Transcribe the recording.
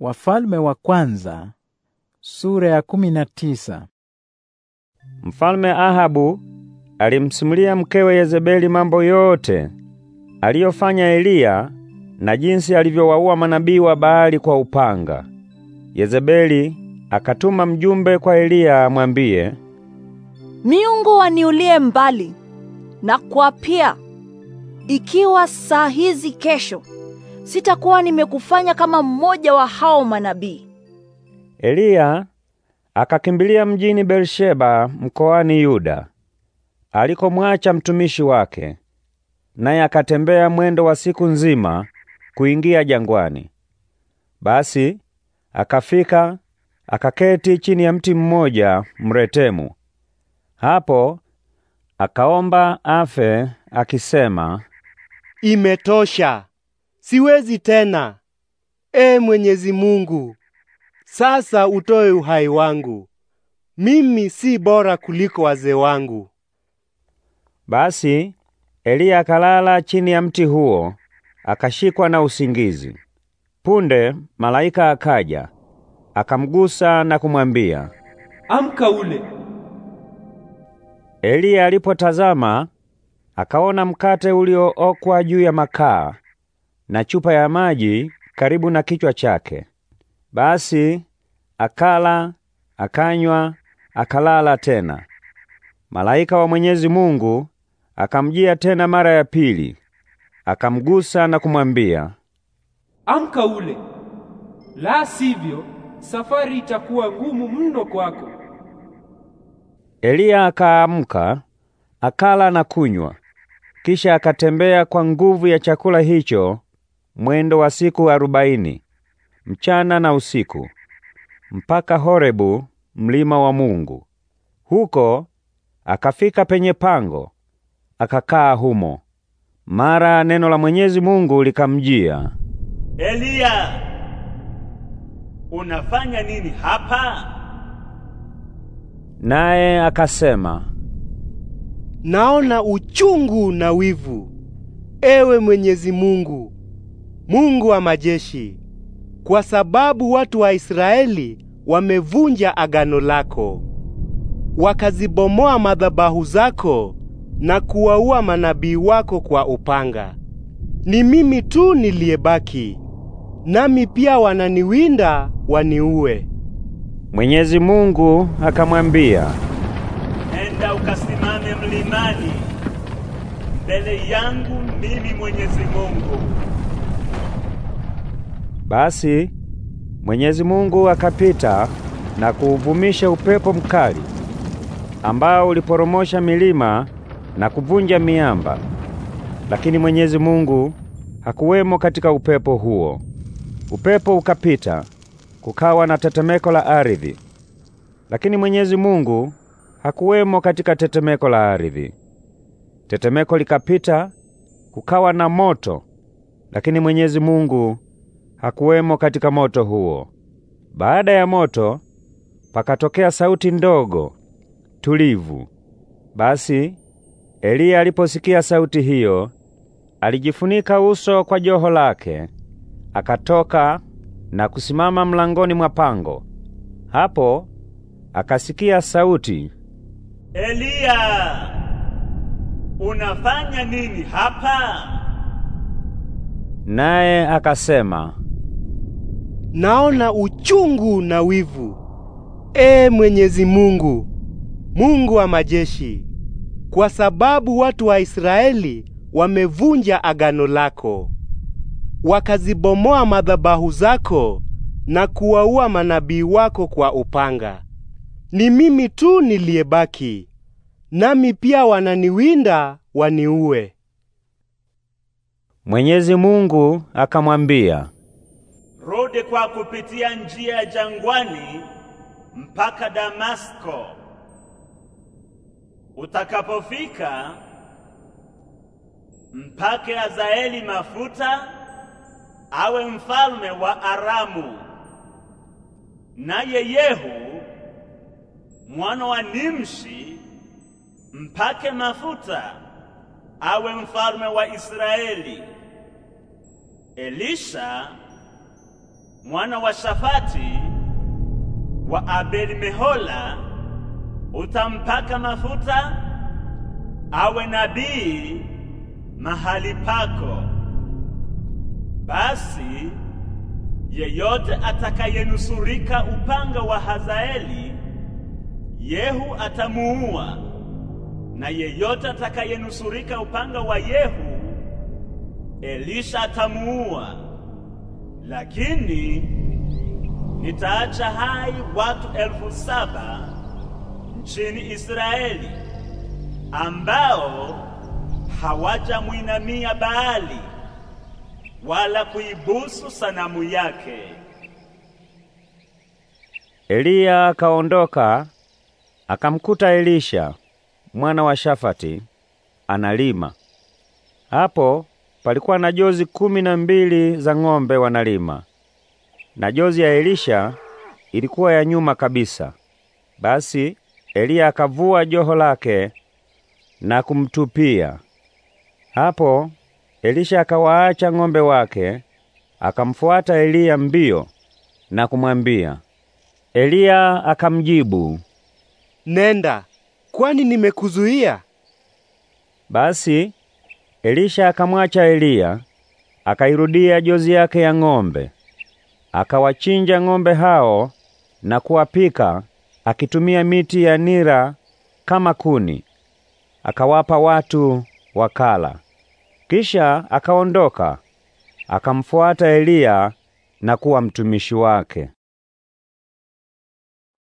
Wafalme wa kwanza, sura ya kumi na tisa. Mfalme Ahabu alimsimulia mkewe Yezebeli mambo yote aliyofanya Eliya na jinsi alivyowaua manabii wa Baali kwa upanga. Yezebeli akatuma mjumbe kwa Eliya amwambie, Miungu waniulie mbali na kuapia ikiwa saa hizi kesho sitakuwa nimekufanya kama mmoja wa hao manabii. Eliya akakimbilia mjini Beersheba mkoani Yuda alikomwacha mtumishi wake, naye akatembea mwendo wa siku nzima kuingia jangwani. Basi akafika akaketi chini ya mti mmoja mretemu. Hapo akaomba afe akisema, imetosha. Siwezi tena. E Mwenyezi Mungu, sasa utoe uhai wangu. Mimi si bora kuliko wazee wangu. Basi Eliya akalala chini ya mti huo, akashikwa na usingizi. Punde malaika akaja, akamgusa na kumwambia, "Amka ule." Eliya alipotazama, akaona mkate uliookwa juu ya makaa na chupa ya maji karibu na kichwa chake. Basi akala, akanywa, akalala tena. Malaika wa Mwenyezi Mungu akamjia tena mara ya pili, akamgusa na kumwambia, amka ule, la sivyo safari itakuwa ngumu mno kwako. Eliya akaamka, akala na kunywa, kisha akatembea kwa nguvu ya chakula hicho mwendo wa siku arobaini mchana na usiku mpaka Horebu, mlima wa Mungu. Huko akafika penye pango, akakaa humo. Mara neno la Mwenyezi Mungu likamjia, Eliya, unafanya nini hapa? Naye akasema, naona uchungu na wivu, ewe Mwenyezi Mungu, Mungu wa majeshi, kwa sababu watu wa Israeli wamevunja agano lako, wakazibomoa madhabahu zako na kuwaua manabii wako kwa upanga. Ni mimi tu niliyebaki, nami pia wananiwinda waniue. Mwenyezi Mungu akamwambia, Enda ukasimame mlimani mbele yangu mimi Mwenyezi Mungu. Basi Mwenyezi Mungu akapita na kuuvumisha upepo mkali ambao uliporomosha milima na kuvunja miamba, lakini Mwenyezi Mungu hakuwemo katika upepo huo. Upepo ukapita, kukawa na tetemeko la ardhi, lakini Mwenyezi Mungu hakuwemo katika tetemeko la ardhi. Tetemeko likapita, kukawa na moto, lakini Mwenyezi Mungu hakuwemo katika moto huo. Baada ya moto pakatokea sauti ndogo tulivu. Basi Eliya aliposikia sauti hiyo, alijifunika uso kwa joho lake, akatoka na kusimama mlangoni mwa pango. Hapo akasikia sauti, Eliya, unafanya nini hapa? Naye akasema naona uchungu na wivu. Ee Mwenyezi Mungu, Mungu wa majeshi, kwa sababu watu wa Israeli wamevunja agano lako, wakazibomoa madhabahu zako na kuwaua manabii wako kwa upanga. Ni mimi tu niliyebaki, nami pia wananiwinda waniue. Mwenyezi Mungu akamwambia, rudi kwa kupitia njia ya jangwani mpaka Damasko. Utakapofika mpake azaeli mafuta awe mfalme wa Aramu, naye Yehu mwana wa Nimshi mpake mafuta awe mfalme wa Israeli. Elisha mwana wa Shafati wa Abel Mehola utampaka mafuta awe nabii mahali pako. Basi yeyote atakayenusurika upanga wa Hazaeli, Yehu atamuua, na yeyote atakayenusurika upanga wa Yehu, Elisha atamuua lakini nitaacha hai watu elfu saba nchini Israeli ambao hawajamwinamia Baali wala kuibusu sanamu yake. Eliya akaondoka akamkuta Elisha mwana wa Shafati analima. Hapo palikuwa na jozi kumi na mbili za ng'ombe wanalima, na jozi ya Elisha ilikuwa ya nyuma kabisa. Basi Eliya akavua joho lake na kumtupia. Hapo Elisha akawaacha ng'ombe wake, akamfuata Eliya mbio na kumwambia. Eliya akamjibu, "Nenda, kwani nimekuzuia?" Basi Elisha akamwacha Eliya, akairudia jozi yake ya ng'ombe, akawachinja ng'ombe hao na kuwapika akitumia miti ya nira kama kuni, akawapa watu wakala. Kisha akaondoka akamfuata Eliya na kuwa mtumishi wake.